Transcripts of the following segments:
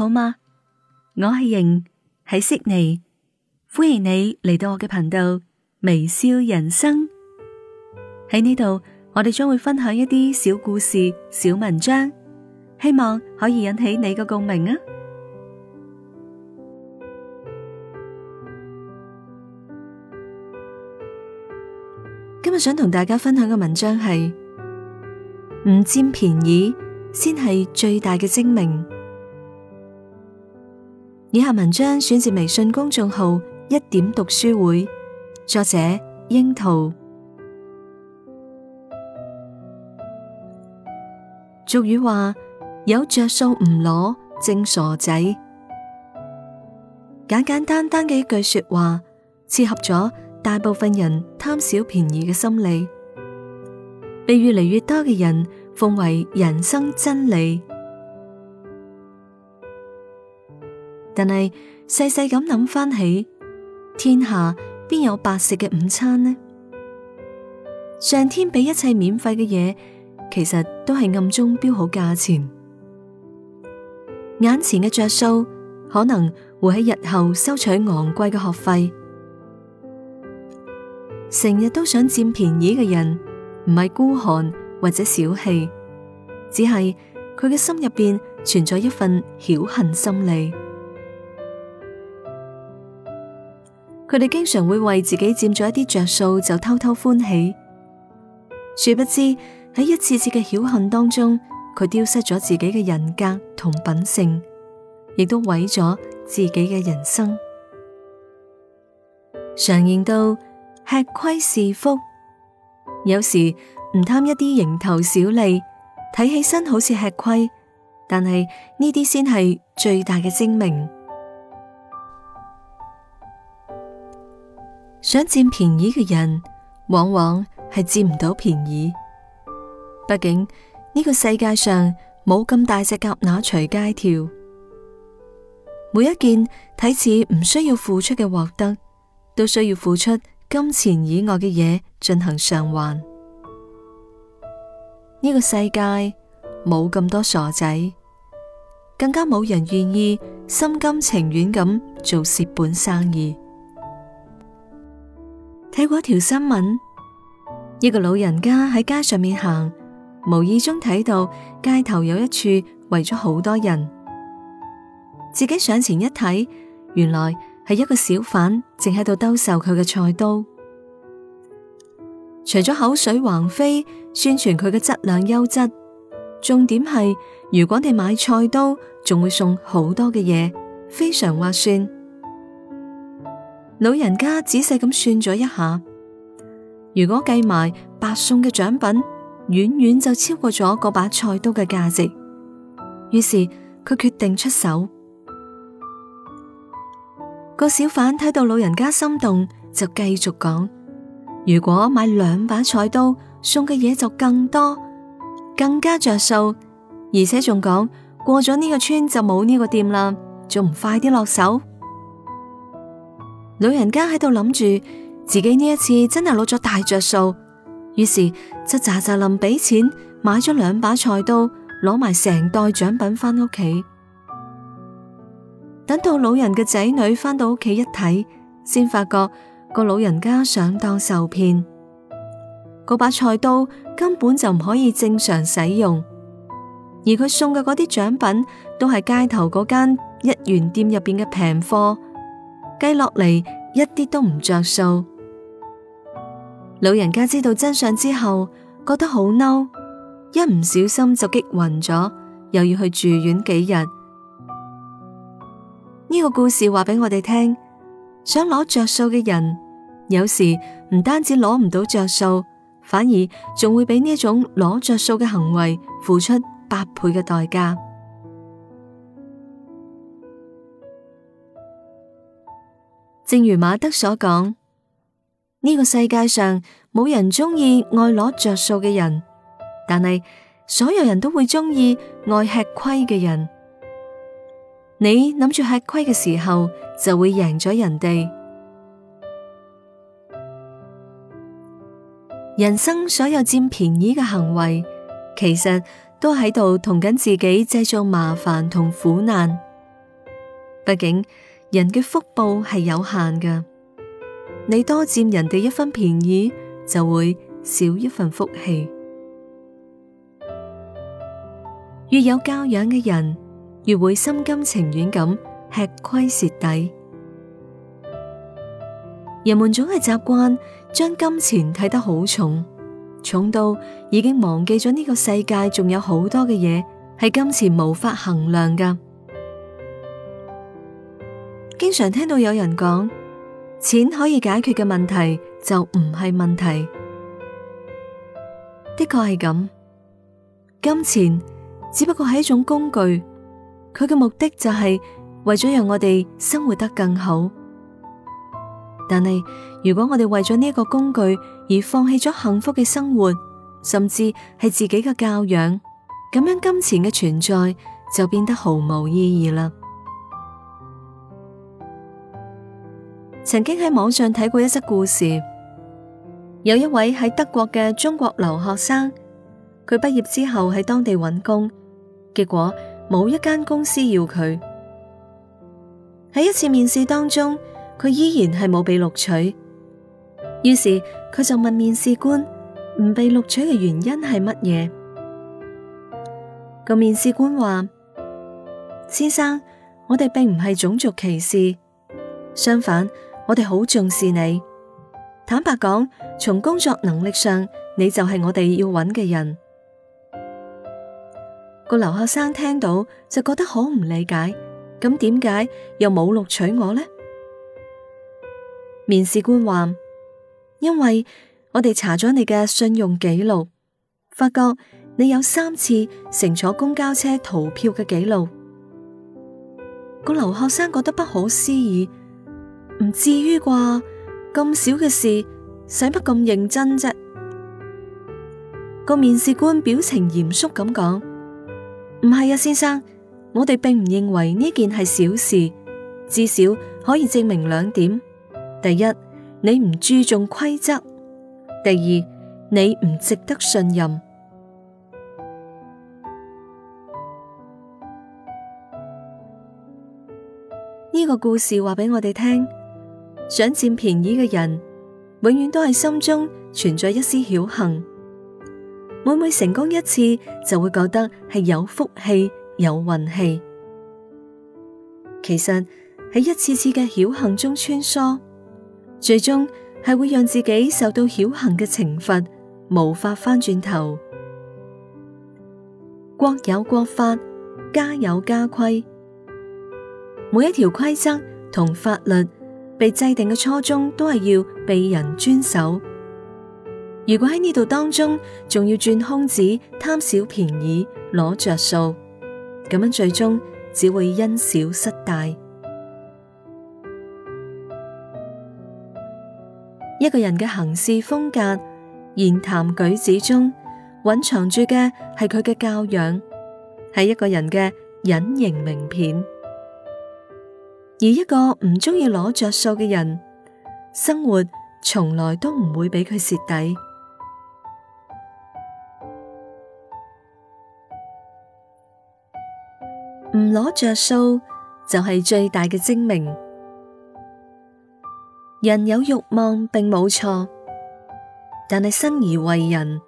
好嗎？我係瑩，喺悉尼，歡迎你嚟到我嘅頻道微笑人生。喺呢度，我哋將會分享一啲小故事、小文章，希望可以引起你嘅共鳴啊！今日想同大家分享嘅文章係：唔佔便宜，先係最大嘅精明。以下文章選自微信公眾號《一點讀書會》，作者櫻桃。俗語話：有着數唔攞，正傻仔。簡簡單單嘅一句說話，契合咗大部分人貪小便宜嘅心理，被越嚟越多嘅人奉為人生真理。但係細細咁諗翻起，天下邊有白食嘅午餐呢？上天俾一切免費嘅嘢，其實都係暗中標好價錢。眼前嘅着數可能會喺日後收取昂貴嘅學費。成日都想佔便宜嘅人，唔係孤寒或者小氣，只係佢嘅心入邊存在一份僥倖心理。佢哋經常會為自己佔咗一啲着數就偷偷歡喜，殊不知喺一次次嘅僥幸當中，佢丟失咗自己嘅人格同品性，亦都毀咗自己嘅人生。常言道，吃虧是福。有時唔貪一啲蠅頭小利，睇起身好似吃虧，但係呢啲先係最大嘅精明。想佔便宜嘅人，往往係佔唔到便宜。畢竟呢個世界上冇咁大隻蛤乸隨街跳。每一件睇似唔需要付出嘅獲得，都需要付出金錢以外嘅嘢進行償還。呢個世界冇咁多傻仔，更加冇人願意心甘情願咁做蝕本生意。睇過條新聞，一個老人家喺街上面行，無意中睇到街頭有一處圍咗好多人，自己上前一睇，原來係一個小販正喺度兜售佢嘅菜刀，除咗口水橫飛，宣傳佢嘅質量優質，重點係如果你買菜刀，仲會送好多嘅嘢，非常劃算。老人家仔細咁算咗一下，如果計埋白送嘅獎品，遠遠就超過咗嗰把菜刀嘅價值。於是佢決定出手。 個小販睇到老人家心動，就繼續講：如果買兩把菜刀，送嘅嘢就更多，更加着數，而且仲講過咗呢個村就冇呢個店啦，仲唔快啲落手？老人家喺度諗住自己呢一次真係攞咗大着數，於是就咋咋冧俾錢買咗兩把菜刀，攞埋成袋獎品返屋企。等到老人嘅仔女返到屋企一睇，先發覺個老人家上當受騙，嗰把菜刀根本就唔可以正常使用，而佢送嘅嗰啲獎品都係街頭嗰間一元店入邊嘅平貨。計落嚟一啲都唔着數，老人家知道真相之後覺得好嬲，一唔小心就激暈咗，又要去住院幾日。呢個故事話俾我哋聽，想攞着數嘅人，有時唔單止攞唔到着數，反而仲會俾呢一種攞着數嘅行為付出百倍嘅代價。正如馬德所講，呢個世界上冇人中意愛攞着數嘅人，但係所有人都會中意愛吃虧嘅人。你諗住吃虧嘅時候，就會贏咗人哋。人生所有佔便宜嘅行為，其實都喺度同緊自己製造麻煩同苦難。畢竟，人嘅福報係有限㗎，你多佔人哋一分便宜，就會少一份福氣。越有教養嘅人，越會心甘情願咁吃虧蝕底。人們總係習慣將金錢睇得好重，重到已經忘記咗呢個世界仲有好多嘅嘢係金錢無法衡量㗎。經常聽到有人講，錢可以解決嘅問題就唔係問題。的確係咁，金錢只不過係一種工具，佢嘅目的就係為咗讓我哋生活得更好。但係如果我哋為咗呢個工具而放棄咗幸福嘅生活，甚至係自己嘅教養，咁樣金錢嘅存在就變得毫無意義啦。曾經喺網上睇過一則故事，有一位喺德國嘅中國留學生，佢畢業之後喺當地揾工，結果冇一間公司要佢。喺一次面試當中，佢依然係冇被錄取，於是佢就問面試官：唔被錄取嘅原因係乜嘢？個面試官話：先生，我哋並唔係種族歧視，相反。我哋好重視你。坦白講，從工作能力上，你就係我哋要揾嘅人。個留學生聽到就覺得好唔理解，咁點解又冇錄取我呢？面試官話：因為我哋查咗你嘅信用記錄，發覺你有三次乘坐公交車逃票嘅記錄。個留學生覺得不可思議。唔至於啩，咁少嘅事，使乜咁認真啫？個面試官表情嚴肅咁講：唔係啊，先生，我哋並唔認為呢件係小事，至少可以證明兩點：第一，你唔注重規則；第二，你唔值得信任。呢個故事話俾我哋聽。想佔便宜嘅人，永遠都係心中存在一絲僥幸，每每成功一次就會覺得係有福氣、有運氣。其實喺一次次嘅僥幸中穿梭，最終係會讓自己受到僥幸嘅懲罰，無法翻轉頭。國有國法，家有家規，每一條規則同法律。被制定嘅初衷都係要被人遵守。如果喺呢度當中仲要鑽空子、貪小便宜、攞著數，咁樣最終只會因小失大。一個人嘅行事風格、言談舉止中，蘊藏住嘅係佢嘅教養，係一個人嘅隱形名片。而一個唔鍾意攞着數嘅人，生活從來都唔會俾佢蝕底。唔攞着數就係最大嘅精明。人有欲望並冇錯，但係生而為人，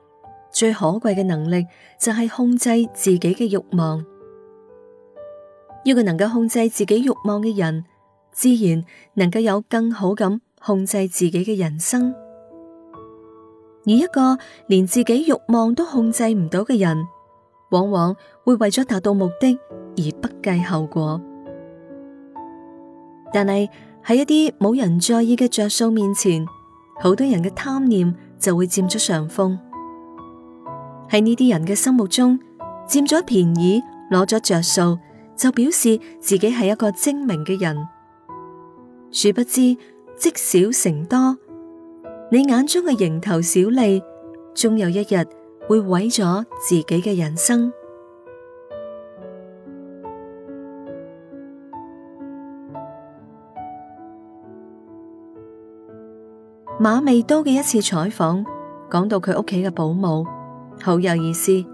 最可貴嘅能力就係控制自己嘅欲望。一個能夠控制自己欲望嘅人，自然能夠有更好咁控制自己嘅人生；而一個連自己欲望都控制唔到嘅人，往往會為咗達到目的而不計後果。但係喺一啲冇人在意嘅着數面前，好多人嘅貪念就會佔咗上風。喺呢啲人嘅心目中，佔咗便宜，攞咗着數。就表示自己係一個精明嘅人，殊不知積少成多，你眼中嘅蠅頭小利，終有一日會毀咗自己嘅人生。馬未都嘅一次採訪，講到佢屋企嘅保姆，好有意思，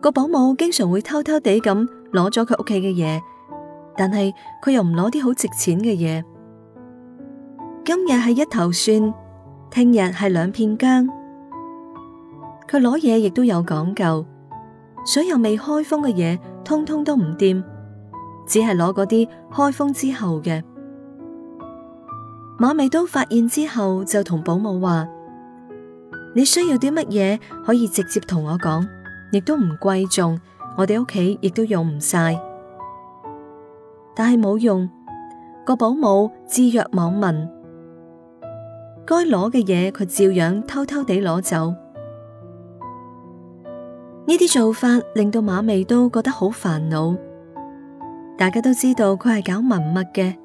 個保姆經常會偷偷哋咁。攞咗佢屋企嘅嘢，但係佢又唔攞啲好值錢嘅嘢。今日係一頭蒜，聽日係兩片姜。佢攞嘢亦都有講究，所有未開封嘅嘢通通都唔掂，只係攞嗰啲開封之後嘅。媽咪都發現之後，就同保姆話：你需要啲乜嘢，可以直接同我講，亦都唔貴重。我哋屋企亦都用唔晒，但係冇用。個保姆置若罔聞，該攞嘅嘢，佢照樣偷偷地攞走。呢啲做法令到馬尾都覺得好煩惱。大家都知道佢係搞文物嘅，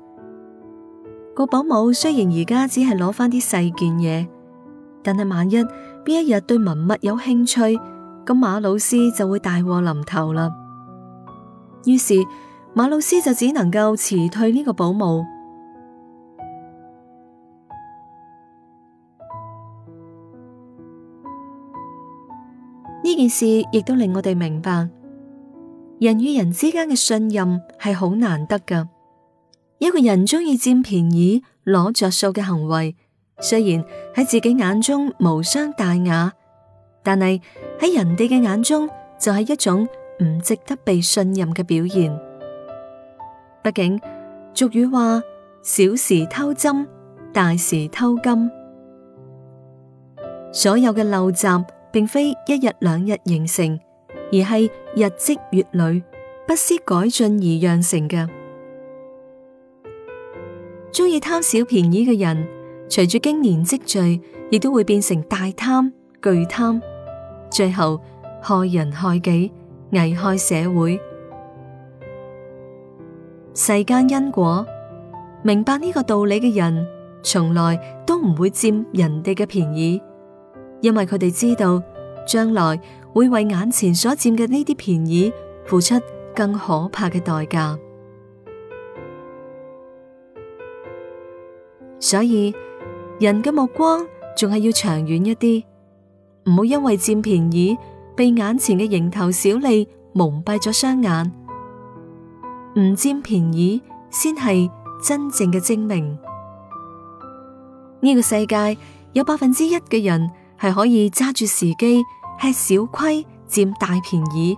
個保姆雖然而家只係攞翻啲細件嘢，但係萬一邊一日對文物有興趣。咁馬老師就會大禍臨頭啦。於是馬老師就只能夠辭退呢個保姆。呢 件事亦都令我哋明白，人與人之間嘅信任係好難得噶。一個人中意佔便宜、攞着數嘅行為，雖然喺自己眼中無傷大雅。但係喺人哋嘅眼中就係一種唔值得被信任嘅表現。畢竟俗語話：小時偷針，大時偷金。所有嘅陋習並非一日兩日形成，而係日積月累、不思改進而養成嘅。中意貪小便宜嘅人，隨住經年積聚，亦都會變成大貪。巨貪最後害人害己，危害社會。世間因果，明白呢個道理嘅人，從來都唔會佔人哋嘅便宜，因為佢哋知道將來會為眼前所佔嘅呢啲便宜付出更可怕嘅代價。所以人嘅目光仲係要長遠一啲。唔好因為佔便宜，被眼前嘅蠅頭小利蒙蔽咗雙眼。唔佔便宜先係真正嘅精明。呢個世界有百分之一嘅人係可以揸住時機吃小虧佔大便宜，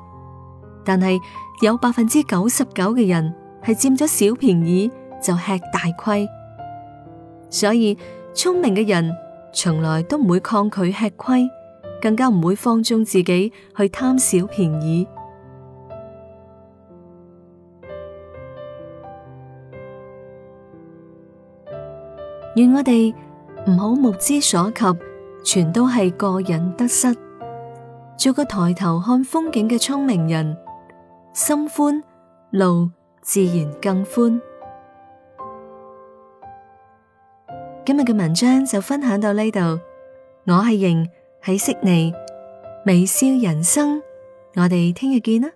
但係有百分之九十九嘅人係佔咗小便宜就吃大虧。所以聰明嘅人從來都唔會抗拒吃虧。更加唔會放縱自己去貪小便宜。願我哋唔好目之所及，全都係個人得失，做個抬頭看風景嘅聰明人，心寬路自然更寬。今日嘅文章就分享到呢度，我係瑩。喺悉尼微笑人生，我哋聽日見啦。